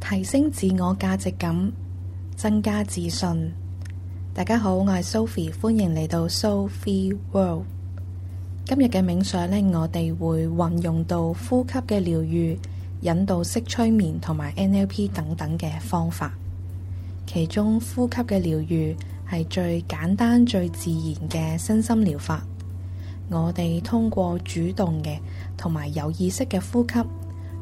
提升自我價值感，增加自信。大家好，我係 Sophy，歡迎嚟到 Soul Free World。今日嘅冥想呢，我哋會運用到呼吸嘅療愈、引導式催眠同埋 NLP 等等嘅方法。其中，呼吸嘅療愈係最簡單、最自然嘅身心療法。我哋通過主動嘅同埋有意識嘅呼吸。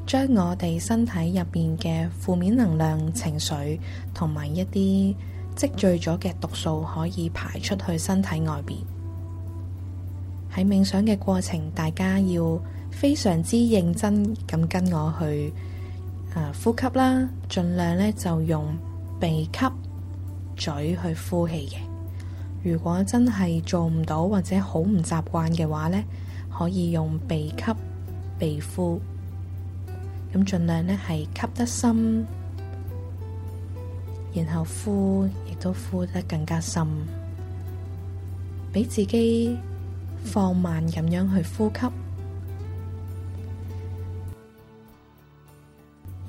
將我哋身體入邊嘅負面能量、情緒同埋一啲積聚咗嘅毒素，可以排出去身體外邊。喺冥想嘅過程，大家要非常之認真咁跟我去、呃、呼吸啦，盡量呢，就用鼻吸嘴去呼氣嘅。如果真係做唔到，或者好唔習慣嘅話呢，可以用鼻吸、鼻呼。咁盡量咧係吸得深，然後呼，亦都呼得更加深，畀自己放慢咁樣去呼吸。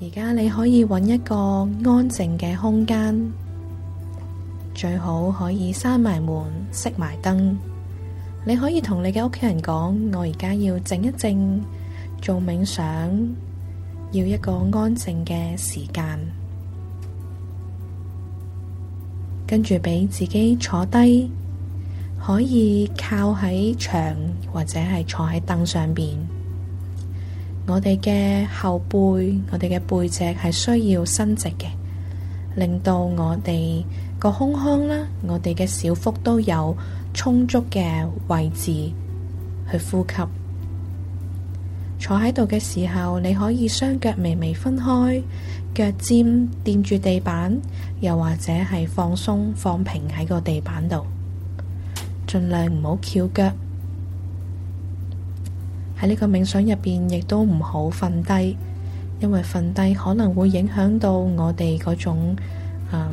而家你可以揾一個安靜嘅空間，最好可以閂埋門、熄埋燈。你可以同你嘅屋企人講，我而家要靜一靜，做冥想。要一個安靜嘅時間，跟住俾自己坐低，可以靠喺牆或者係坐喺凳上邊。我哋嘅後背，我哋嘅背脊係需要伸直嘅，令到我哋個胸腔啦，我哋嘅小腹都有充足嘅位置去呼吸。坐喺度嘅時候，你可以雙腳微微分開，腳尖墊住地板，又或者係放鬆放平喺個地板度，盡量唔好翹腳。喺呢個冥想入邊，亦都唔好瞓低，因為瞓低可能會影響到我哋嗰種誒、啊、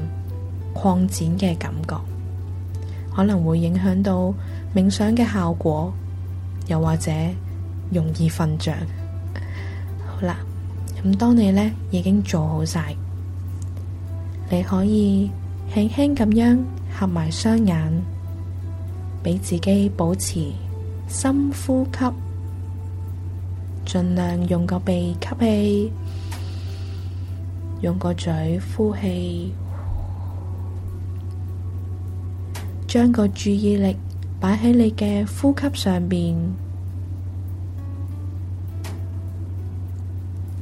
擴展嘅感覺，可能會影響到冥想嘅效果，又或者。容易瞓着，好啦。咁當你呢已經做好晒，你可以輕輕咁樣合埋雙眼，俾自己保持深呼吸，盡量用個鼻吸氣，用個嘴呼氣，將個注意力擺喺你嘅呼吸上邊。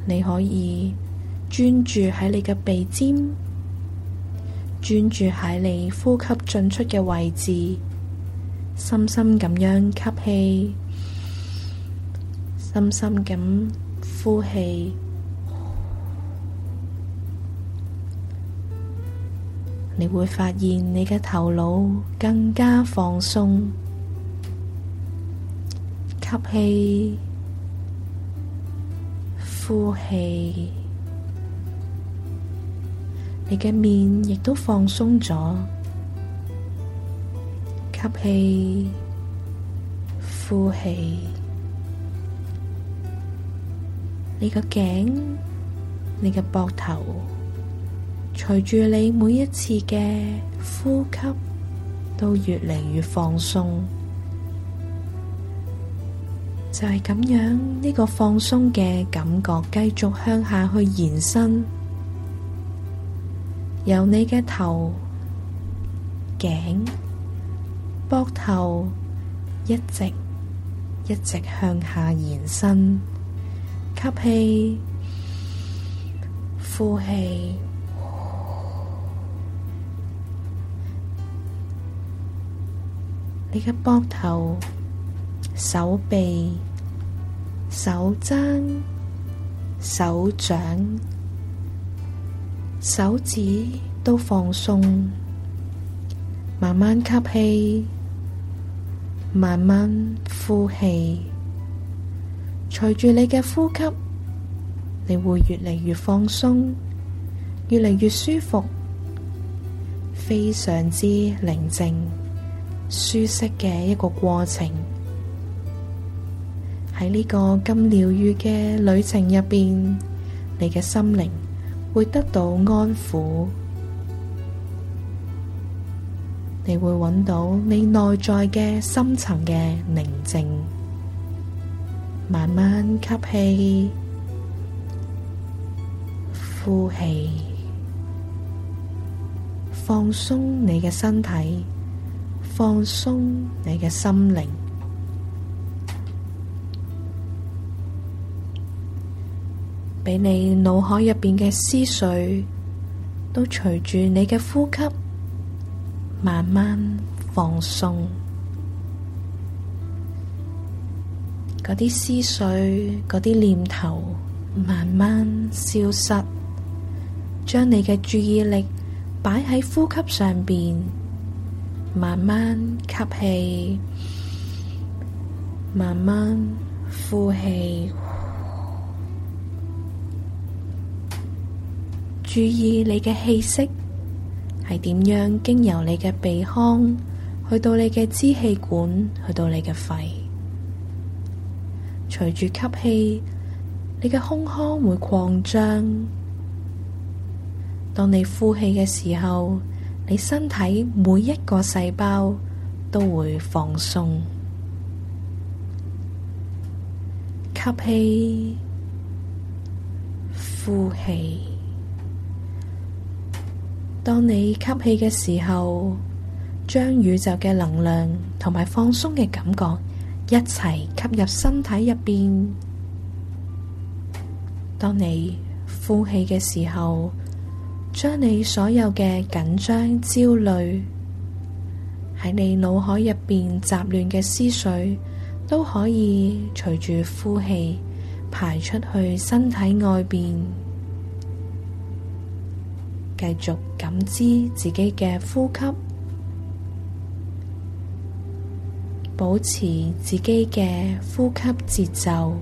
你可以專注喺你嘅鼻尖，專注喺你呼吸進出嘅位置，深深咁樣吸氣，深深咁呼氣，你會發現你嘅頭腦更加放鬆，吸氣。呼氣，你嘅面亦都放鬆咗。吸氣，呼氣，你個頸、你個膊頭，隨住你每一次嘅呼吸，都越嚟越放鬆。就係咁樣，呢、這個放鬆嘅感覺繼續向下去延伸，由你嘅頭頸、膊頭一直一直向下延伸，吸氣、呼氣，你嘅膊頭。手臂、手踭、手掌、手指都放鬆，慢慢吸氣，慢慢呼氣。隨住你嘅呼吸，你會越嚟越放鬆，越嚟越舒服，非常之寧靜、舒適嘅一個過程。喺呢個咁療癒嘅旅程入邊，你嘅心靈會得到安撫，你會揾到你內在嘅深層嘅寧靜。慢慢吸氣，呼氣，放鬆你嘅身體，放鬆你嘅心靈。俾你腦海入邊嘅思緒，都隨住你嘅呼吸慢慢放鬆。嗰啲思緒、嗰啲念頭慢慢消失，將你嘅注意力擺喺呼吸上邊，慢慢吸氣，慢慢呼氣。注意你嘅氣息係點樣經由你嘅鼻腔去到你嘅支氣管，去到你嘅肺。隨住吸氣，你嘅胸腔會擴張。當你呼氣嘅時候，你身體每一個細胞都會放鬆。吸氣，呼氣。當你吸氣嘅時候，將宇宙嘅能量同埋放鬆嘅感覺一齊吸入身體入邊。當你呼氣嘅時候，將你所有嘅緊張、焦慮，喺你腦海入邊雜亂嘅思緒，都可以隨住呼氣排出去身體外面。繼續感知自己嘅呼吸，保持自己嘅呼吸節奏，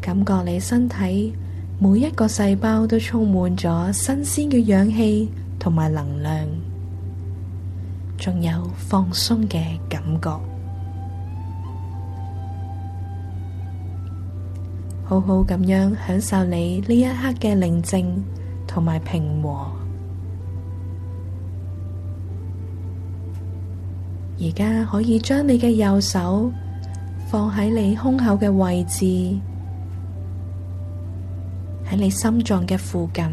感覺你身體每一個細胞都充滿咗新鮮嘅氧氣同埋能量，仲有放鬆嘅感覺。好好咁樣享受你呢一刻嘅寧靜同埋平和。而家可以將你嘅右手放喺你胸口嘅位置，喺你心臟嘅附近，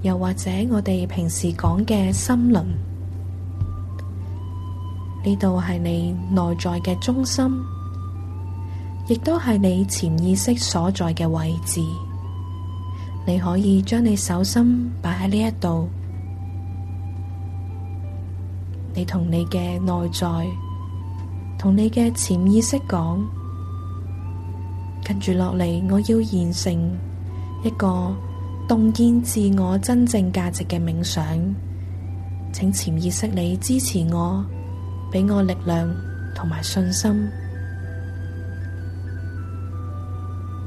又或者我哋平時講嘅心輪。呢度係你內在嘅中心，亦都係你潛意識所在嘅位置。你可以將你手心擺喺呢一度，你同你嘅內在，同你嘅潛意識講，跟住落嚟，我要完成一個洞見自我真正價值嘅冥想，請潛意識你支持我。俾我力量同埋信心，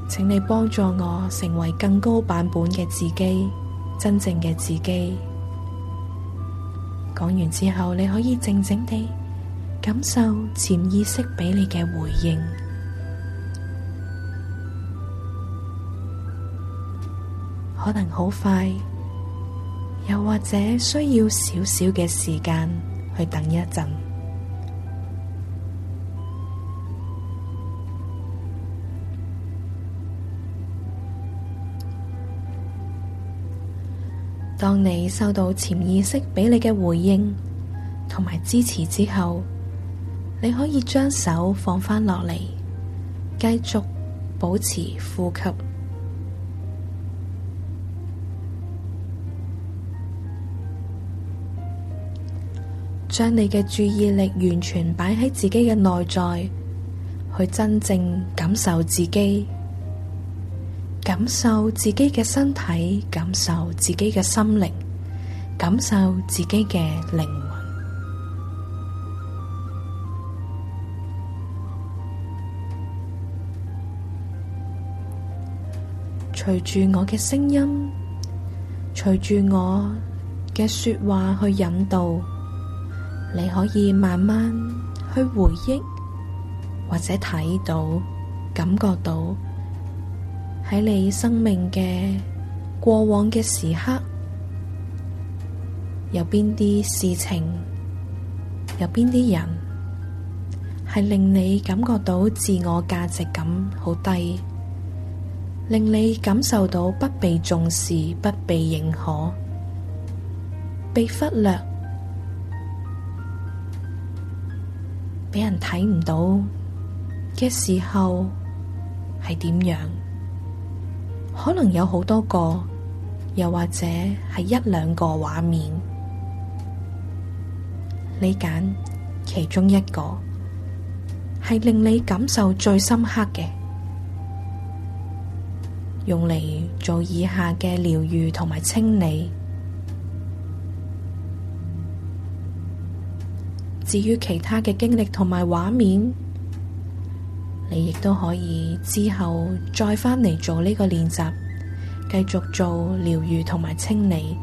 請你幫助我成為更高版本嘅自己，真正嘅自己。講完之後，你可以靜靜地感受潛意識俾你嘅回應，可能好快，又或者需要少少嘅時間去等一陣。當你收到潛意識俾你嘅回應同埋支持之後，你可以將手放翻落嚟，繼續保持呼吸，將你嘅注意力完全擺喺自己嘅內在，去真正感受自己。感受自己嘅身體，感受自己嘅心靈，感受自己嘅靈魂。隨住我嘅聲音，隨住我嘅說話去引導，你可以慢慢去回憶，或者睇到，感覺到。喺你生命嘅過往嘅時刻，有邊啲事情，有邊啲人，係令你感覺到自我價值感好低，令你感受到不被重視、不被認可、被忽略、俾人睇唔到嘅時候，係點樣？可能有好多個，又或者係一兩個畫面，你揀其中一個係令你感受最深刻嘅，用嚟做以下嘅療癒同埋清理。至於其他嘅經歷同埋畫面。你亦都可以之後再返嚟做呢個練習，繼續做療愈同埋清理。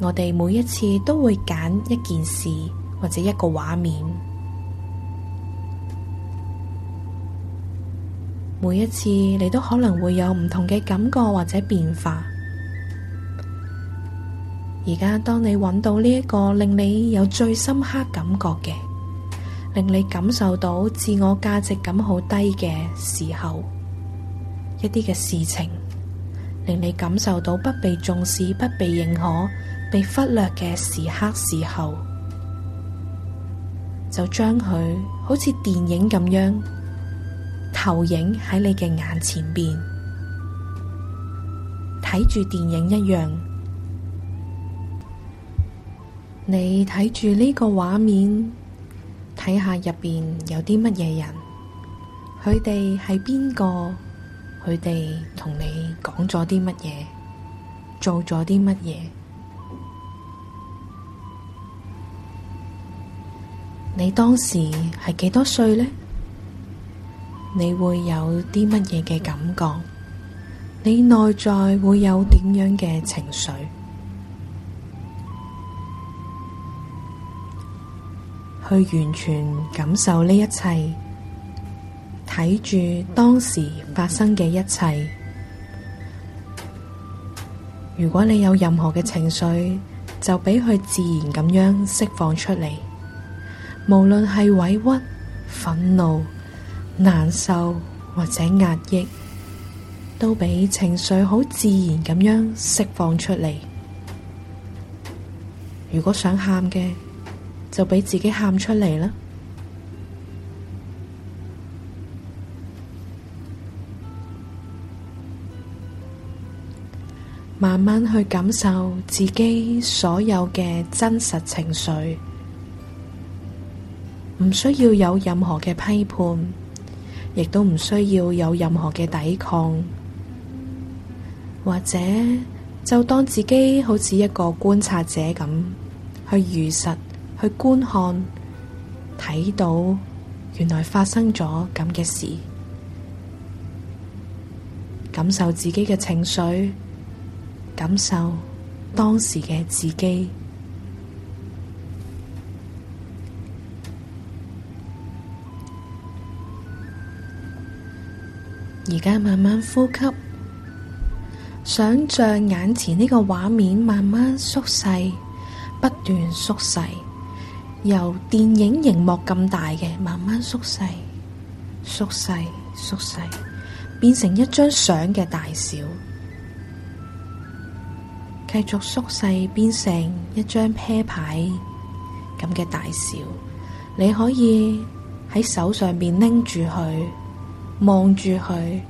我哋每一次都會揀一件事或者一個畫面，每一次你都可能會有唔同嘅感覺或者變化。而家當你揾到呢一個令你有最深刻感覺嘅。令你感受到自我價值感好低嘅時候，一啲嘅事情令你感受到不被重視、不被認可、被忽略嘅時刻時候，就將佢好似電影咁樣投影喺你嘅眼前面，睇住電影一樣，你睇住呢個畫面。睇下入邊有啲乜嘢人，佢哋係邊個？佢哋同你講咗啲乜嘢？做咗啲乜嘢？你當時係幾多歲咧？你會有啲乜嘢嘅感覺？你內在會有點樣嘅情緒？去完全感受呢一切，睇住當時發生嘅一切。如果你有任何嘅情緒，就俾佢自然咁樣釋放出嚟。無論係委屈、憤怒、難受或者壓抑，都俾情緒好自然咁樣釋放出嚟。如果想喊嘅，就俾自己喊出嚟啦。慢慢去感受自己所有嘅真實情緒，唔需要有任何嘅批判，亦都唔需要有任何嘅抵抗，或者就當自己好似一個觀察者咁去如實。去觀看，睇到原來發生咗咁嘅事，感受自己嘅情緒，感受當時嘅自己。而家慢慢呼吸，想像眼前呢個畫面慢慢縮細，不斷縮細。由電影熒幕咁大嘅，in，慢慢縮細、縮細、縮細，變成一張相嘅大小，繼續縮細，變成一張啤牌咁嘅大小。你可以喺手上邊拎住佢，望住佢。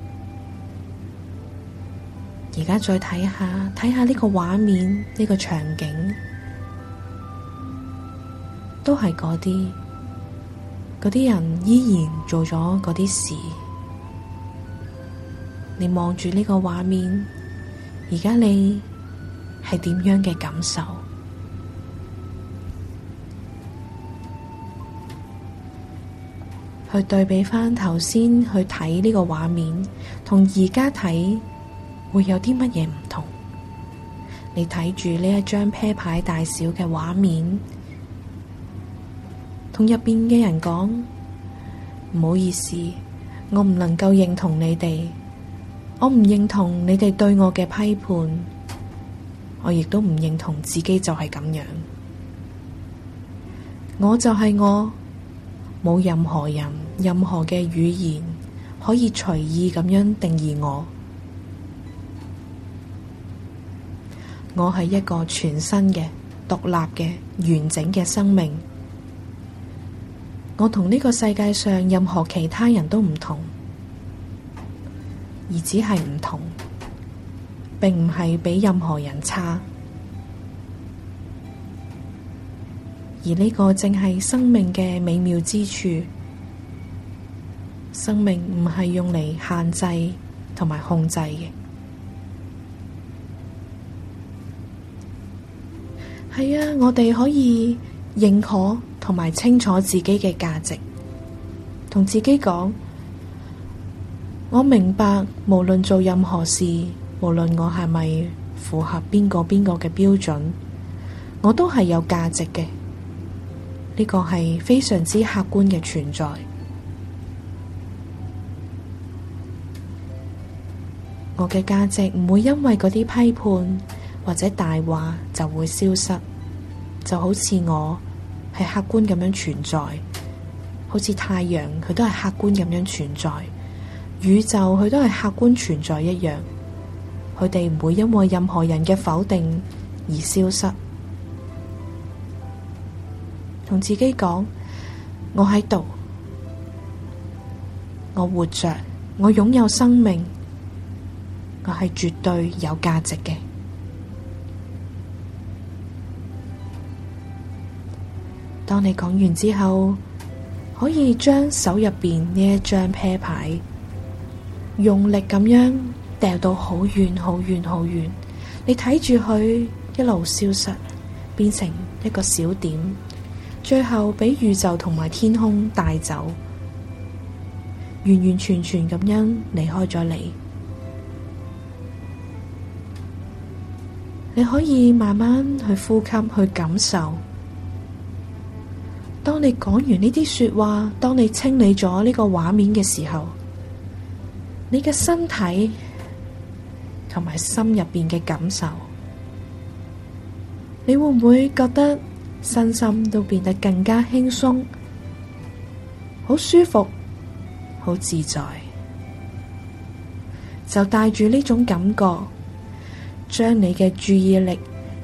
而家再睇下，睇下呢個畫面，呢個場景。都係嗰啲，嗰啲人依然做咗嗰啲事。你望住呢個畫面，而家你係點樣嘅感受？去對比翻頭先去睇呢個畫面，同而家睇會有啲乜嘢唔同？你睇住呢一張啤牌大小嘅畫面。同入邊嘅人講，唔好意思，我唔能夠認同你哋，我唔認同你哋對我嘅批判，我亦都唔認同自己就係咁樣，我就係我，冇任何人、任何嘅語言可以隨意咁樣定義我，我係一個全新嘅、獨立嘅、完整嘅生命。我同呢個世界上任何其他人都唔同，而只係唔同，並唔係比任何人差。而呢個正係生命嘅美妙之處。生命唔係用嚟限制同埋控制嘅。係啊，我哋可以認可。同埋清楚自己嘅價值，同自己講，我明白，無論做任何事，無論我係咪符合邊個邊個嘅標準，我都係有價值嘅。呢個係非常之客觀嘅存在。我嘅價值唔會因為嗰啲批判或者大話就會消失，就好似我。係客觀咁樣存在，好似太陽，佢都係客觀咁樣存在，宇宙，佢都係客觀存在一樣，佢哋唔會因為任何人嘅否定而消失。同自己講，我喺度，我活着，我擁有生命，我係絕對有價值嘅。當你講完之後，可以將手入邊呢一張啤牌，用力咁樣掉到好遠好遠好遠，你睇住佢一路消失，變成一個小點，最後畀宇宙同埋天空帶走，完完全全咁樣離開咗你。你可以慢慢去呼吸，去感受。當你講完呢啲說話，當你清理咗呢個畫面嘅時候，你嘅身體同埋心入面嘅感受，你會唔會覺得身心都變得更加輕鬆、好舒服、好自在？就帶住呢種感覺，將你嘅注意力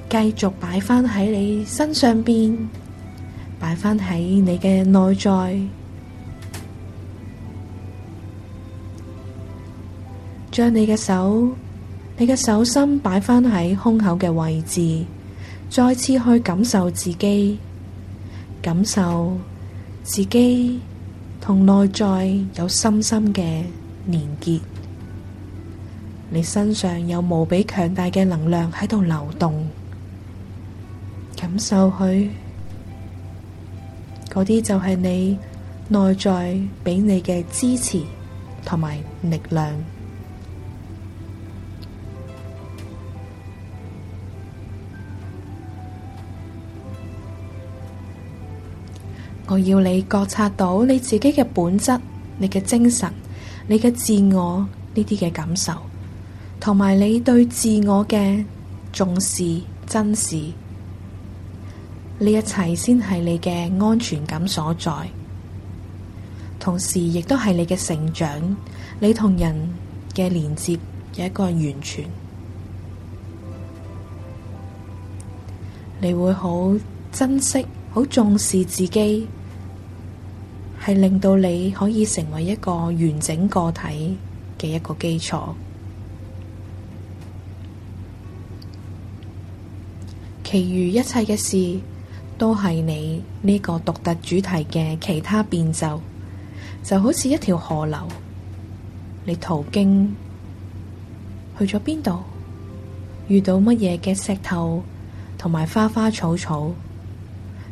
繼續擺翻喺你身上邊。擺返喺你嘅內在，將你嘅手，你嘅手心擺返喺胸口嘅位置，再次去感受自己，感受自己同內在有深深嘅連結，你身上有無比強大嘅能量喺度流動，感受佢。嗰啲就係你內在畀你嘅支持同埋力量。我要你覺察到你自己嘅本質、你嘅精神、你嘅自我呢啲嘅感受，同埋你對自我嘅重視、珍視。呢一切先係你嘅安全感所在，同時亦都係你嘅成長，你同人嘅連接嘅一個源泉，你會好珍惜、好重視自己，係令到你可以成為一個完整個體嘅一個基礎。其餘一切嘅事，都係你呢個獨特主題嘅其他變奏，就好似一條河流，你途經去咗邊度，遇到乜嘢嘅石頭同埋花花草草，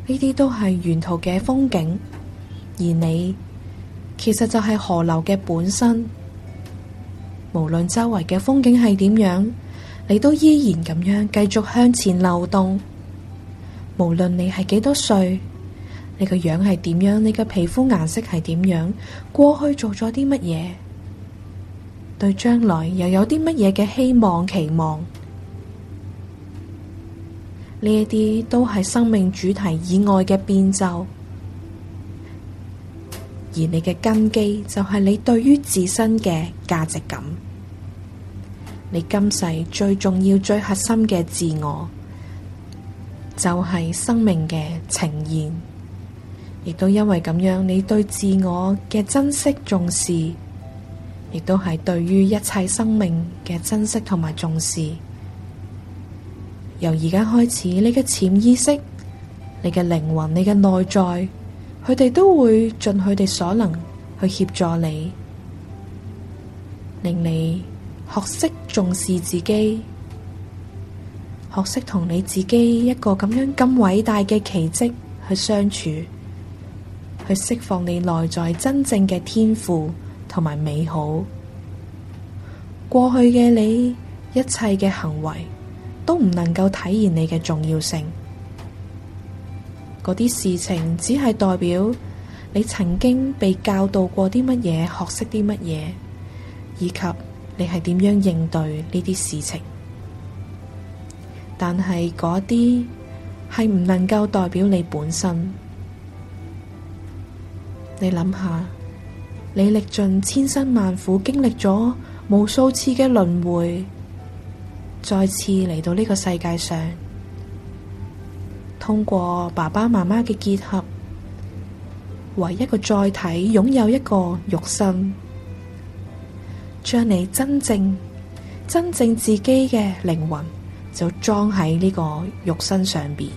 呢啲都係沿途嘅風景。而你其實就係河流嘅本身，無論周圍嘅風景係點樣，你都依然咁樣繼續向前流動。無論你係幾多歲，你個樣係點樣，你個皮膚顏色係點樣，過去做咗啲乜嘢，對將來又有啲乜嘢嘅希望期望，呢一啲都係生命主題以外嘅變奏，而你嘅根基就係你對於自身嘅價值感，你今世最重要、最核心嘅自我。就係生命嘅呈現，亦都因為咁樣，你對自我嘅珍惜重視，亦都係對於一切生命嘅珍惜同埋重視。由而家開始，你嘅潛意識、你嘅靈魂、你嘅內在，佢哋都會盡佢哋所能去協助你，令你學識重視自己。學識同你自己一個咁樣咁偉大嘅奇跡去相處，去釋放你內在真正嘅天賦同埋美好。過去嘅你，一切嘅行為都唔能夠體現你嘅重要性。嗰啲事情只係代表你曾經被教導過啲乜嘢，學識啲乜嘢，以及你係點樣應對呢啲事情。但係嗰啲係唔能夠代表你本身。你諗下，你歷盡千辛萬苦，經歷咗無數次嘅輪迴，再次嚟到呢個世界上，通過爸爸媽媽嘅結合，唯一個載體，擁有一個肉身，將你真正真正自己嘅靈魂。就裝喺呢個肉身上邊。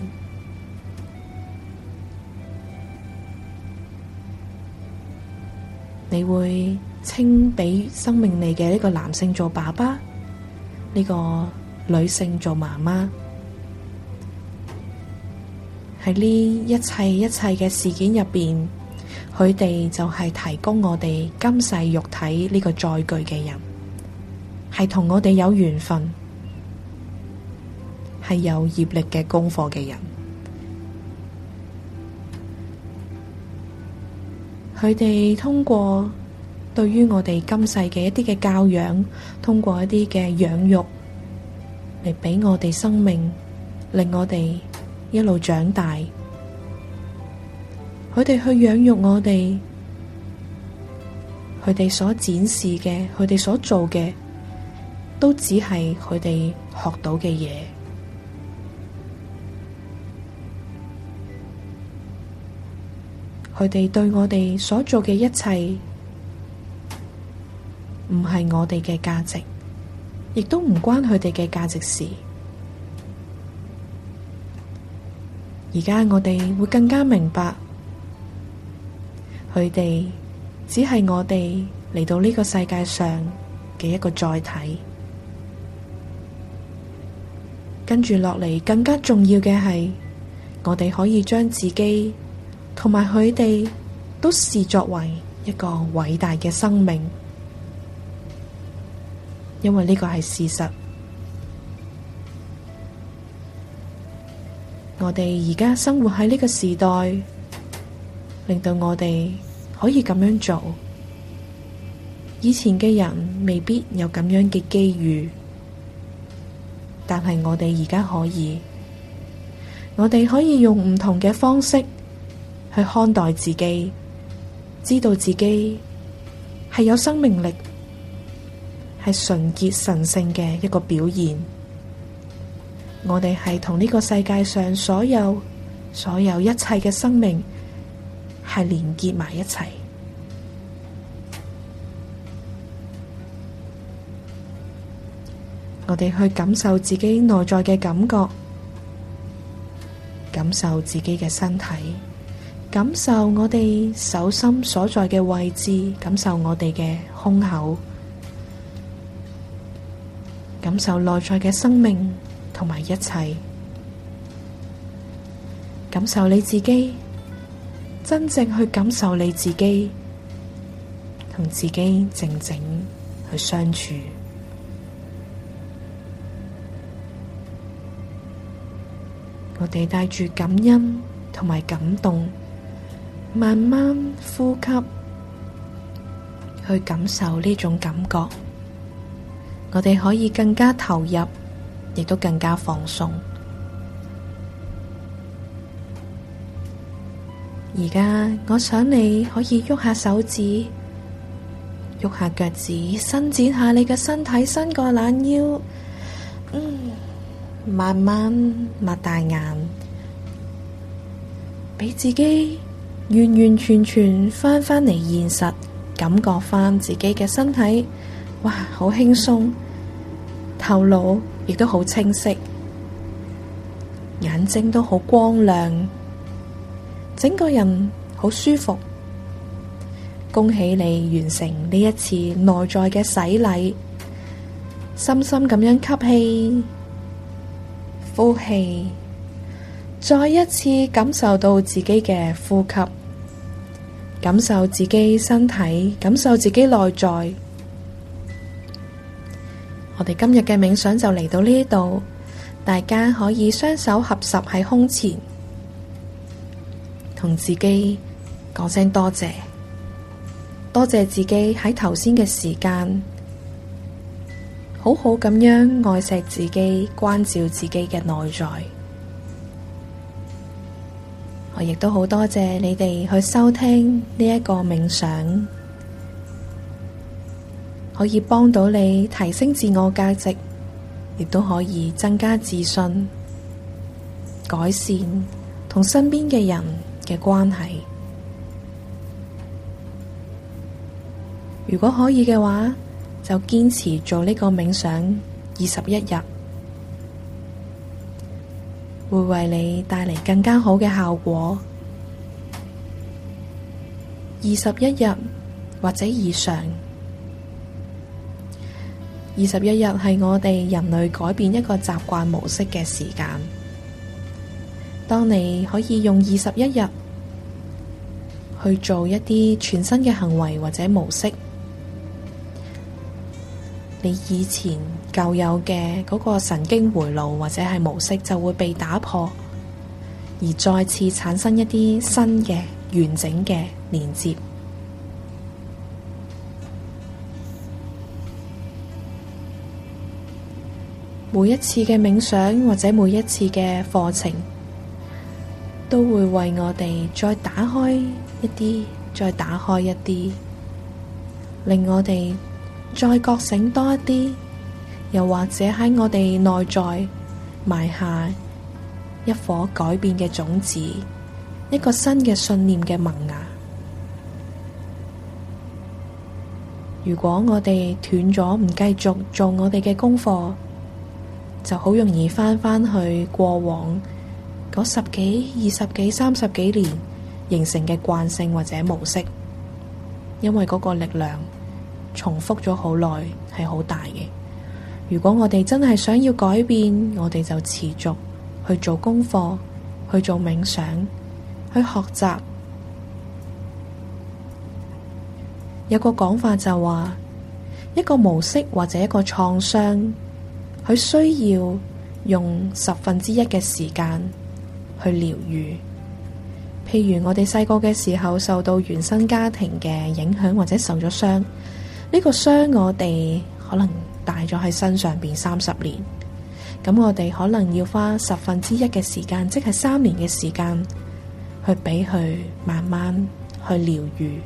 你會稱畀生命你嘅呢個男性做爸爸，呢個女性做媽媽。喺呢一切一切嘅事件入邊，佢哋就係提供我哋今世肉體呢個載具嘅人，係同我哋有緣分，係有業力嘅功課嘅人，佢哋通過對於我哋今世嘅一啲嘅教養，通過一啲嘅養育嚟俾我哋生命，令我哋一路長大。佢哋去養育我哋，佢哋所展示嘅，佢哋所做嘅，都只係佢哋學到嘅嘢。佢哋對我哋所做嘅一切，唔係我哋嘅價值，亦都唔關佢哋嘅價值事。而家我哋會更加明白，佢哋只係我哋嚟到呢個世界上嘅一個載體。跟住落嚟，更加重要嘅係，我哋可以將自己。同埋，佢哋都視作為一個偉大嘅生命，因為呢個係事實。我哋而家生活喺呢個時代，令到我哋可以咁樣做。以前嘅人未必有咁樣嘅機遇，但係我哋而家可以，我哋可以用唔同嘅方式。去看待自己，知道自己係有生命力，係純潔神聖嘅一個表現。我哋係同呢個世界上所有、所有一切嘅生命係連結埋一齊。我哋去感受自己內在嘅感覺，感受自己嘅身體。感受我哋手心所在嘅位置，感受我哋嘅胸口，感受內在嘅生命同埋一切，感受你自己，真正去感受你自己，同自己靜靜去相處。我哋帶住感恩同埋感動。慢慢呼吸，去感受呢種感覺。我哋可以更加投入，亦都更加放鬆。而家我想你可以喐下手指，喐下腳趾，伸展下你嘅身體，伸個懶腰。嗯，慢慢擘大眼，俾自己。完完全全翻返嚟現實，感覺返自己嘅身體，哇，好輕鬆，頭腦亦都好清晰，眼睛都好光亮，整個人好舒服。恭喜你完成呢一次內在嘅洗禮，深深咁樣吸氣，呼氣。再一次感受到自己嘅呼吸，感受自己身體，感受自己內在。我哋今日嘅冥想就嚟到呢度，大家可以雙手合十喺胸前，同自己講聲多謝，多謝自己喺頭先嘅時間，好好咁樣愛錫自己，關照自己嘅內在。我亦都好多謝你哋去收聽呢一個冥想，可以幫到你提升自我價值，亦都可以增加自信、改善同身邊嘅人嘅關係。如果可以嘅話，就堅持做呢個冥想二十一日。會為你帶嚟更加好嘅效果。二十一日或者以上，二十一日係我哋人類改變一個習慣模式嘅時間。當你可以用二十一日去做一啲全新嘅行為或者模式。你以前舊有嘅嗰個神經回路或者係模式就會被打破，而再次產生一啲新嘅完整嘅連接。每一次嘅冥想或者每一次嘅課程，都會為我哋再打開一啲，再打開一啲，令我哋。再覺醒多一啲，又或者喺我哋內在埋下一顆改變嘅種子，一個新嘅信念嘅萌芽。如果我哋斷咗唔繼續做我哋嘅功課，就好容易翻返去過往嗰十幾、二十幾、三十幾年形成嘅慣性或者模式，因為嗰個力量。重複咗好耐，係好大嘅。如果我哋真係想要改變，我哋就持續去做功課，去做冥想，去學習。有個講法就話、是，一個模式或者一個創傷，佢需要用十分之一嘅時間去療癒。譬如我哋細個嘅時候受到原生家庭嘅影響，或者受咗傷。呢個傷我哋可能帶咗喺身上邊三十年，咁我哋可能要花十分之一嘅時間，即係三年嘅時間去俾佢慢慢去療愈。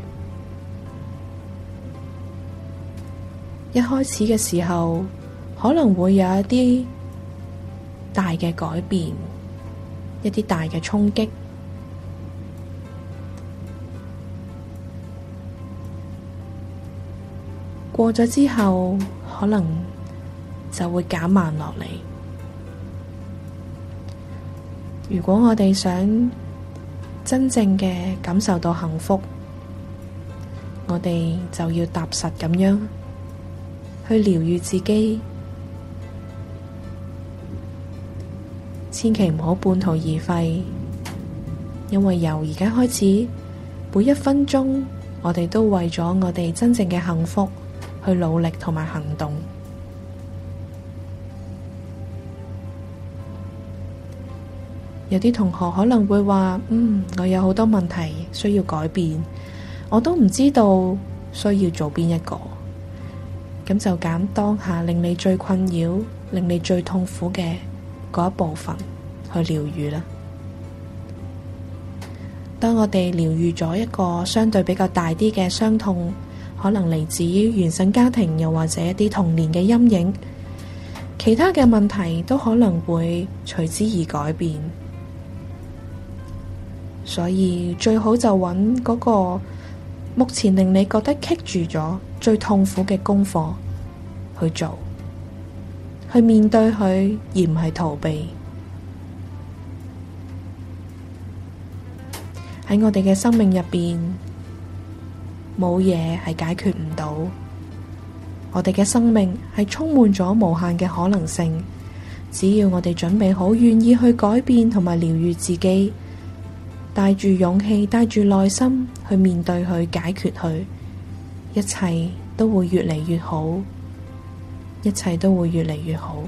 一開始嘅時候可能會有一啲大嘅改變，一啲大嘅衝擊。過咗之後，可能就會減慢落嚟。如果我哋想真正嘅感受到幸福，我哋就要踏實咁樣去療癒自己，千祈唔好半途而廢。因為由而家開始，每一分鐘我哋都為咗我哋真正嘅幸福。去努力同埋行動。有啲同學可能會話：嗯，我有好多問題需要改變，我都唔知道需要做邊一個。咁就揀當下令你最困擾、令你最痛苦嘅嗰一部分去療癒啦。當我哋療癒咗一個相對比較大啲嘅傷痛。可能嚟自於原生家庭，又或者一啲童年嘅陰影，其他嘅問題都可能會隨之而改變。所以最好就揾嗰個目前令你覺得棘住咗、最痛苦嘅功課去做，去面對佢，而唔係逃避。喺我哋嘅生命入邊。冇嘢係解決唔到，我哋嘅生命係充滿咗無限嘅可能性。只要我哋準備好，願意去改變同埋療愈自己，帶住勇氣，帶住耐心去面對去解決佢，一切都會越嚟越好，一切都會越嚟越好。